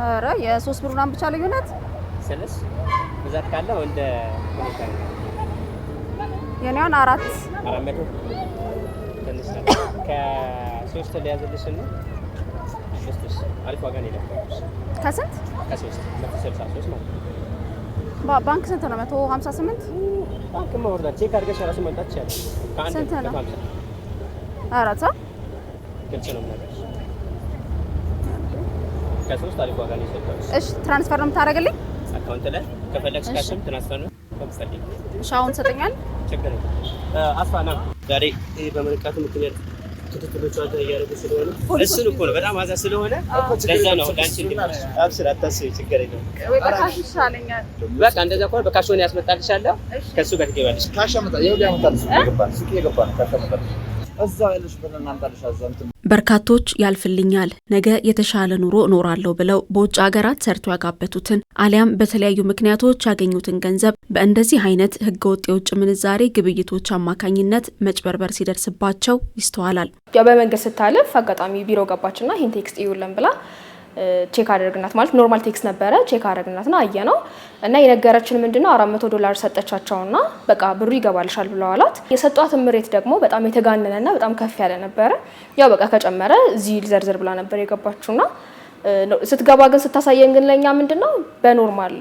ኧረ የሶስት ብር ምናምን ብቻ ልዩነት ስልሽ ብዛት ካለ እንደ የኔውን አራት ከሶስት ሊያዝልሽ ነው። አሪፍ ዋጋ ነው። ከስንት ከሶስት ባንክ ስንት ነው? መቶ ሀምሳ ስምንት ባንክ ቼክ አድርገሽ መምጣት ይቻላል። ስንት ነው? አራት እሺ፣ ትራንስፈር ነው የምታደርግልኝ? አካውንት ላይ ከፈለግሽ ካሽም ትራንስፈር ነው እሺ፣ አሁን ችግር የለም። ዛሬ ምክንያት ክትትሎቹ እያደረጉ ስለሆነ እሱን እኮ ነው በጣም አዛ ስለሆነ ለዛ ነው ችግር የለም። በቃ እንደዛ ከሆነ በካሽ ሆነ ያስመጣልሻለሁ። ከእሱ ጋር ትገባለሽ። ካሽ ካሽ እዛ ያለሽ ብር እናምጣልሽ አዘምት በርካቶች ያልፍልኛል ነገ የተሻለ ኑሮ እኖራለሁ ብለው በውጭ ሀገራት ሰርቶ ያጋበቱትን አሊያም በተለያዩ ምክንያቶች ያገኙትን ገንዘብ በእንደዚህ አይነት ህገወጥ የውጭ ምንዛሬ ግብይቶች አማካኝነት መጭበርበር ሲደርስባቸው ይስተዋላል። ያው በመንገድ ስታለፍ አጋጣሚ ቢሮ ገባችና ይህን ቴክስት ይውለን ብላ ቼክ አደረግናት ማለት ኖርማል ቴክስ ነበረ። ቼክ ና አየ ነው እና የነገረችን ምንድነው አራት መቶ ዶላር ሰጠቻቸውና በቃ ብሩ ይገባልሻል ብለዋላት። የሰጧትን ምሬት ደግሞ በጣም የተጋነነና በጣም ከፍ ያለ ነበረ። ያው በቃ ከጨመረ እዚህ ልዘርዝር ብላ ነበር የገባችውና ስትገባ ግን ስታሳየን ግን ለእኛ ምንድነው በኖርማል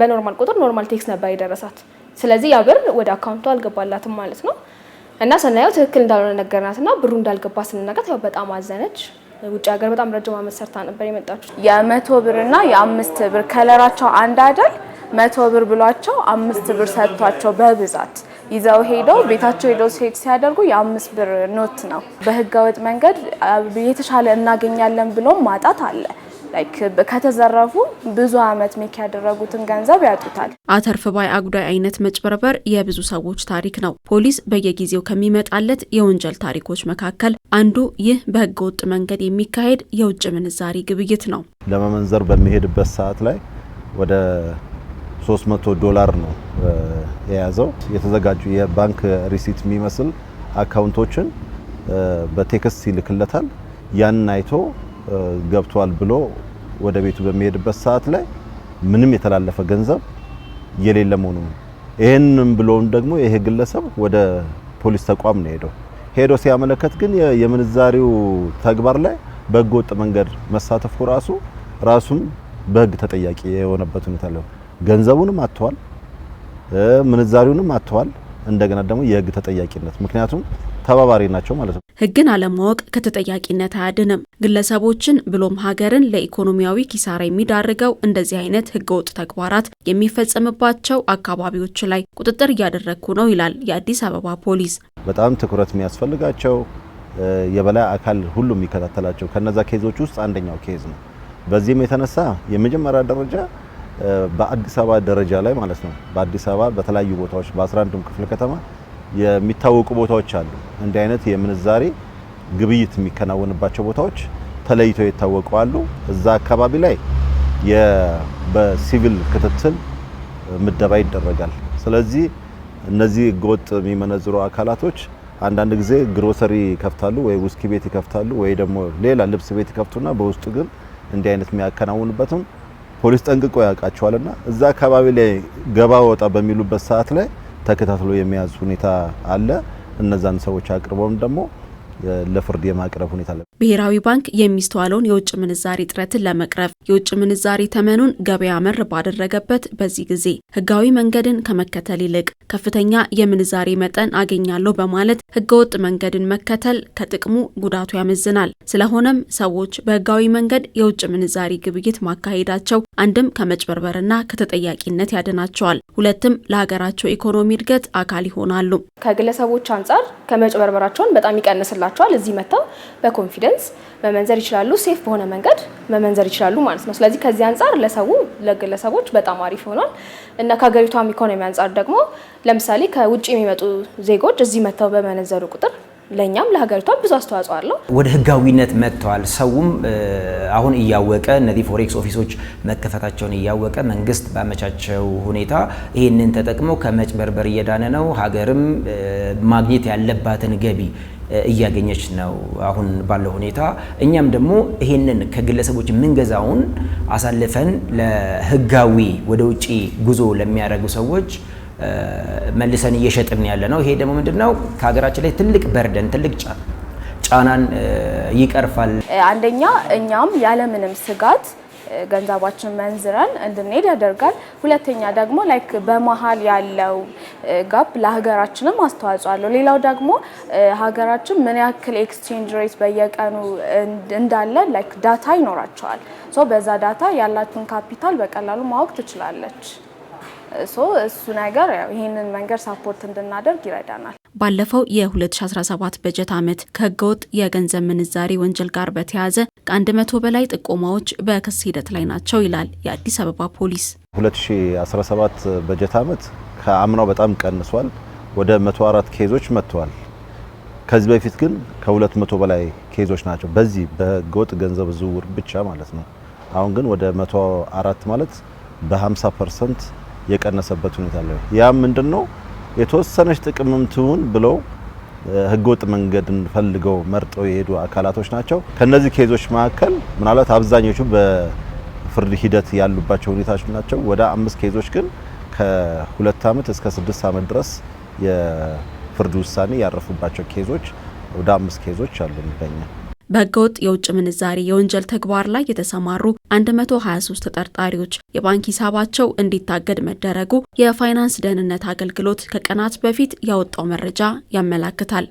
በኖርማል ቁጥር ኖርማል ቴክስ ነበር የደረሳት። ስለዚህ ያ ብር ወደ አካውንቱ አልገባላትም ማለት ነው እና ስናየው ትክክል እንዳልሆነ ና ብሩ እንዳልገባ ስንነገር ያው በጣም አዘነች። ውጭ ሀገር በጣም ረጅም አመት ሰርታ ነበር የመጣችው። የመቶ ብር እና የአምስት ብር ከለራቸው አንድ አይደል? መቶ ብር ብሏቸው አምስት ብር ሰጥቷቸው በብዛት ይዘው ሄደው ቤታቸው ሄደው ሴት ሲያደርጉ የአምስት ብር ኖት ነው። በህገወጥ መንገድ የተሻለ እናገኛለን ብሎም ማጣት አለ። ከተዘረፉ ብዙ አመት ሜክ ያደረጉትን ገንዘብ ያጡታል። አተርፍ ባይ አጉዳይ አይነት መጭበርበር የብዙ ሰዎች ታሪክ ነው። ፖሊስ በየጊዜው ከሚመጣለት የወንጀል ታሪኮች መካከል አንዱ ይህ በህገ ወጥ መንገድ የሚካሄድ የውጭ ምንዛሪ ግብይት ነው። ለመመንዘር በሚሄድበት ሰዓት ላይ ወደ 300 ዶላር ነው የያዘው። የተዘጋጁ የባንክ ሪሲት የሚመስል አካውንቶችን በቴክስት ይልክለታል። ያንን አይቶ ገብቷል ብሎ ወደ ቤቱ በሚሄድበት ሰዓት ላይ ምንም የተላለፈ ገንዘብ የሌለ መሆኑ ነው። ይህንም ብሎም ደግሞ ይሄ ግለሰብ ወደ ፖሊስ ተቋም ነው ሄደው ሄዶ ሲያመለከት ግን የምንዛሪው ተግባር ላይ በሕገ ወጥ መንገድ መሳተፉ ራሱ ራሱም በሕግ ተጠያቂ የሆነበት ሁኔታ አለ። ገንዘቡንም አጥተዋል፣ ምንዛሪውንም አጥተዋል። እንደገና ደግሞ የህግ ተጠያቂነት ምክንያቱም ተባባሪ ናቸው ማለት ነው። ህግን አለማወቅ ከተጠያቂነት አያድንም። ግለሰቦችን ብሎም ሀገርን ለኢኮኖሚያዊ ኪሳራ የሚዳርገው እንደዚህ አይነት ህገወጥ ተግባራት የሚፈጸምባቸው አካባቢዎች ላይ ቁጥጥር እያደረግኩ ነው ይላል የአዲስ አበባ ፖሊስ። በጣም ትኩረት የሚያስፈልጋቸው የበላይ አካል ሁሉ የሚከታተላቸው ከነዛ ኬዞች ውስጥ አንደኛው ኬዝ ነው። በዚህም የተነሳ የመጀመሪያ ደረጃ በአዲስ አበባ ደረጃ ላይ ማለት ነው በአዲስ አበባ በተለያዩ ቦታዎች በ11ዱም ክፍለ ከተማ የሚታወቁ ቦታዎች አሉ። እንዲህ አይነት የምንዛሬ ግብይት የሚከናወንባቸው ቦታዎች ተለይተው የታወቁ አሉ። እዛ አካባቢ ላይ በሲቪል ክትትል ምደባ ይደረጋል። ስለዚህ እነዚህ ህገወጥ የሚመነዝሩ አካላቶች አንዳንድ ጊዜ ግሮሰሪ ይከፍታሉ፣ ወይ ውስኪ ቤት ይከፍታሉ፣ ወይ ደግሞ ሌላ ልብስ ቤት ይከፍቱና በውስጡ ግን እንዲህ አይነት የሚያከናውንበትም ፖሊስ ጠንቅቆ ያውቃቸዋልና እዛ አካባቢ ላይ ገባ ወጣ በሚሉበት ሰዓት ላይ ተከታትሎ የመያዝ ሁኔታ አለ። እነዛን ሰዎች አቅርበውም ደግሞ ለፍርድ የማቅረብ ሁኔታ አለ። ብሔራዊ ባንክ የሚስተዋለውን የውጭ ምንዛሬ እጥረትን ለመቅረፍ የውጭ ምንዛሬ ተመኑን ገበያ መር ባደረገበት በዚህ ጊዜ ህጋዊ መንገድን ከመከተል ይልቅ ከፍተኛ የምንዛሬ መጠን አገኛለሁ በማለት ህገወጥ መንገድን መከተል ከጥቅሙ ጉዳቱ ያመዝናል። ስለሆነም ሰዎች በህጋዊ መንገድ የውጭ ምንዛሬ ግብይት ማካሄዳቸው አንድም ከመጭበርበርና ከተጠያቂነት ያድናቸዋል፣ ሁለትም ለሀገራቸው ኢኮኖሚ እድገት አካል ይሆናሉ። ከግለሰቦች አንጻር ከመጭበርበራቸውን በጣም ይቀንስላቸዋል። ይሆንላቸዋል። እዚህ መጥተው በኮንፊደንስ መመንዘር ይችላሉ፣ ሴፍ በሆነ መንገድ መመንዘር ይችላሉ ማለት ነው። ስለዚህ ከዚህ አንጻር ለሰው ለግለሰቦች በጣም አሪፍ ሆኗል። እና ከሀገሪቷም ኢኮኖሚ አንጻር ደግሞ ለምሳሌ ከውጭ የሚመጡ ዜጎች እዚህ መጥተው በመነዘሩ ቁጥር ለእኛም ለሀገሪቷ ብዙ አስተዋጽኦ አለው። ወደ ህጋዊነት መጥተዋል። ሰውም አሁን እያወቀ እነዚህ ፎሬክስ ኦፊሶች መከፈታቸውን እያወቀ መንግስት ባመቻቸው ሁኔታ ይህንን ተጠቅሞ ከመጭበርበር እየዳነ ነው። ሀገርም ማግኘት ያለባትን ገቢ እያገኘች ነው አሁን ባለው ሁኔታ። እኛም ደግሞ ይሄንን ከግለሰቦች የምንገዛውን አሳልፈን ለህጋዊ ወደ ውጭ ጉዞ ለሚያደርጉ ሰዎች መልሰን እየሸጥን ያለ ነው። ይሄ ደግሞ ምንድን ነው ከሀገራችን ላይ ትልቅ በርደን ትልቅ ጫናን ይቀርፋል። አንደኛ እኛም ያለምንም ስጋት ገንዘባችን መንዝረን እንድንሄድ ያደርጋል። ሁለተኛ ደግሞ ላይክ በመሀል ያለው ጋፕ ለሀገራችንም አስተዋጽኦ አለው። ሌላው ደግሞ ሀገራችን ምን ያክል ኤክስቼንጅ ሬት በየቀኑ እንዳለ ላይክ ዳታ ይኖራቸዋል። ሶ በዛ ዳታ ያላትን ካፒታል በቀላሉ ማወቅ ትችላለች። እሱ ነገር ይህንን መንገድ ሳፖርት እንድናደርግ ይረዳናል። ባለፈው የ2017 በጀት ዓመት ከህገወጥ የገንዘብ ምንዛሬ ወንጀል ጋር በተያያዘ ከ100 በላይ ጥቆማዎች በክስ ሂደት ላይ ናቸው ይላል የአዲስ አበባ ፖሊስ። 2017 በጀት ዓመት ከአምናው በጣም ቀንሷል። ወደ 104 ኬዞች መጥተዋል። ከዚህ በፊት ግን ከ200 በላይ ኬዞች ናቸው። በዚህ በህገወጥ ገንዘብ ዝውውር ብቻ ማለት ነው። አሁን ግን ወደ 104 ማለት በ50 ፐርሰንት የቀነሰበት ሁኔታ አለ። ያም ምንድን ነው የተወሰነች ጥቅምም ትሁን ብለው ህገወጥ መንገድን ፈልገው መርጠው የሄዱ አካላቶች ናቸው። ከነዚህ ኬዞች መካከል ምናልባት አብዛኞቹ በፍርድ ሂደት ያሉባቸው ሁኔታዎች ናቸው። ወደ አምስት ኬዞች ግን ከሁለት ዓመት እስከ ስድስት ዓመት ድረስ የፍርድ ውሳኔ ያረፉባቸው ኬዞች ወደ አምስት ኬዞች አሉ ይገኛል። በህገወጥ የውጭ ምንዛሬ የወንጀል ተግባር ላይ የተሰማሩ 123 ተጠርጣሪዎች የባንክ ሂሳባቸው እንዲታገድ መደረጉ የፋይናንስ ደህንነት አገልግሎት ከቀናት በፊት ያወጣው መረጃ ያመላክታል።